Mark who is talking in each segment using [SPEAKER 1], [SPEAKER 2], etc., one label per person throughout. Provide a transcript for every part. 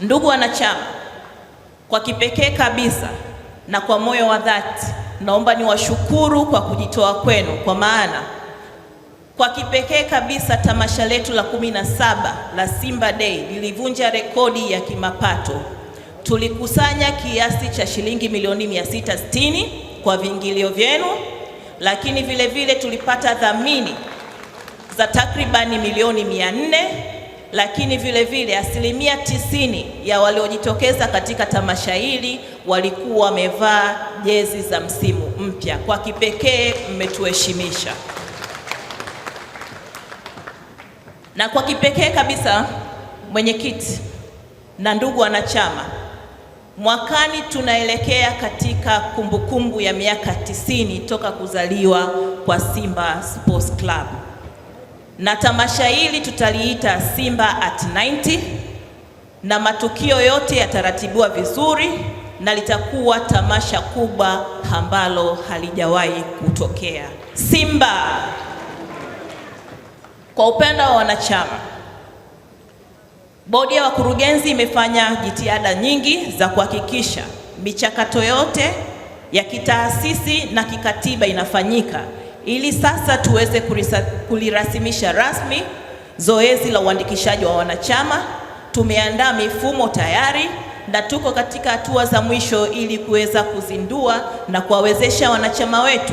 [SPEAKER 1] Ndugu wanachama, kwa kipekee kabisa na kwa moyo wa dhati naomba niwashukuru kwa kujitoa kwenu, kwa maana kwa kipekee kabisa tamasha letu la kumi na saba la Simba Day lilivunja rekodi ya kimapato. Tulikusanya kiasi cha shilingi milioni 660 kwa viingilio vyenu, lakini vile vile tulipata dhamini za takribani milioni 400 lakini vile vile asilimia tisini ya waliojitokeza katika tamasha hili walikuwa wamevaa jezi za msimu mpya. Kwa kipekee mmetuheshimisha, na kwa kipekee kabisa mwenyekiti na ndugu wanachama, mwakani tunaelekea katika kumbukumbu -kumbu ya miaka tisini toka kuzaliwa kwa Simba Sports Club na tamasha hili tutaliita Simba at 90 na matukio yote yataratibiwa vizuri na litakuwa tamasha kubwa ambalo halijawahi kutokea. Simba kwa upendo wa wanachama, bodi ya wakurugenzi imefanya jitihada nyingi za kuhakikisha michakato yote ya kitaasisi na kikatiba inafanyika ili sasa tuweze kulirasimisha rasmi zoezi la uandikishaji wa wanachama. Tumeandaa mifumo tayari na tuko katika hatua za mwisho ili kuweza kuzindua na kuwawezesha wanachama wetu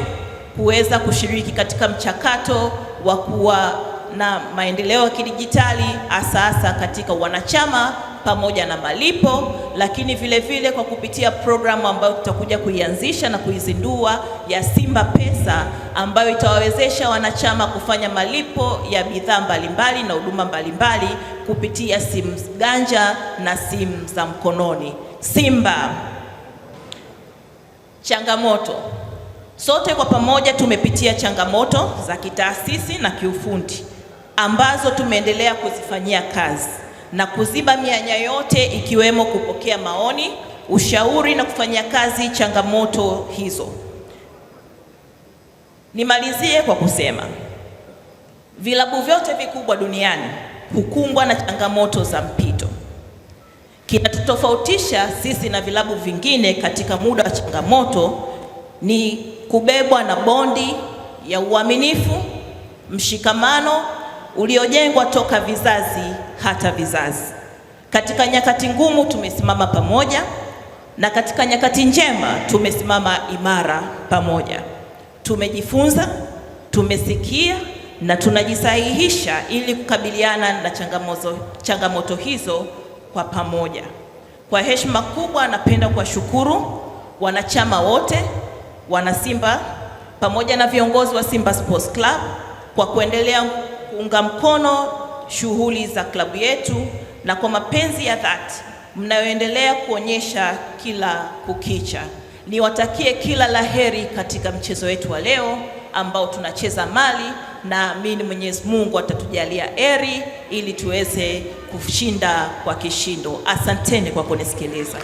[SPEAKER 1] kuweza kushiriki katika mchakato wa kuwa na maendeleo ya kidijitali hasa hasa katika wanachama pamoja na malipo, lakini vile vile kwa kupitia programu ambayo tutakuja kuianzisha na kuizindua ya Simba Pesa ambayo itawawezesha wanachama kufanya malipo ya bidhaa mbalimbali na huduma mbalimbali kupitia simu ganja na simu za mkononi. Simba changamoto Sote kwa pamoja tumepitia changamoto za kitaasisi na kiufundi ambazo tumeendelea kuzifanyia kazi na kuziba mianya yote ikiwemo kupokea maoni, ushauri na kufanya kazi changamoto hizo. Nimalizie kwa kusema vilabu vyote vikubwa duniani hukumbwa na changamoto za mpito. Kinatutofautisha sisi na vilabu vingine katika muda wa changamoto ni kubebwa na bondi ya uaminifu, mshikamano uliojengwa toka vizazi hata vizazi. Katika nyakati ngumu tumesimama pamoja, na katika nyakati njema tumesimama imara pamoja. Tumejifunza, tumesikia na tunajisahihisha ili kukabiliana na changamoto, changamoto hizo kwa pamoja. Kwa heshima kubwa, napenda kuwashukuru wanachama wote, wanasimba pamoja na viongozi wa Simba Sports Club kwa kuendelea kuunga mkono shughuli za klabu yetu na kwa mapenzi ya dhati mnayoendelea kuonyesha kila kukicha. Niwatakie kila laheri katika mchezo wetu wa leo ambao tunacheza Mali. Naamini Mwenyezi Mungu atatujalia eri ili tuweze kushinda kwa kishindo. Asanteni kwa kunisikiliza.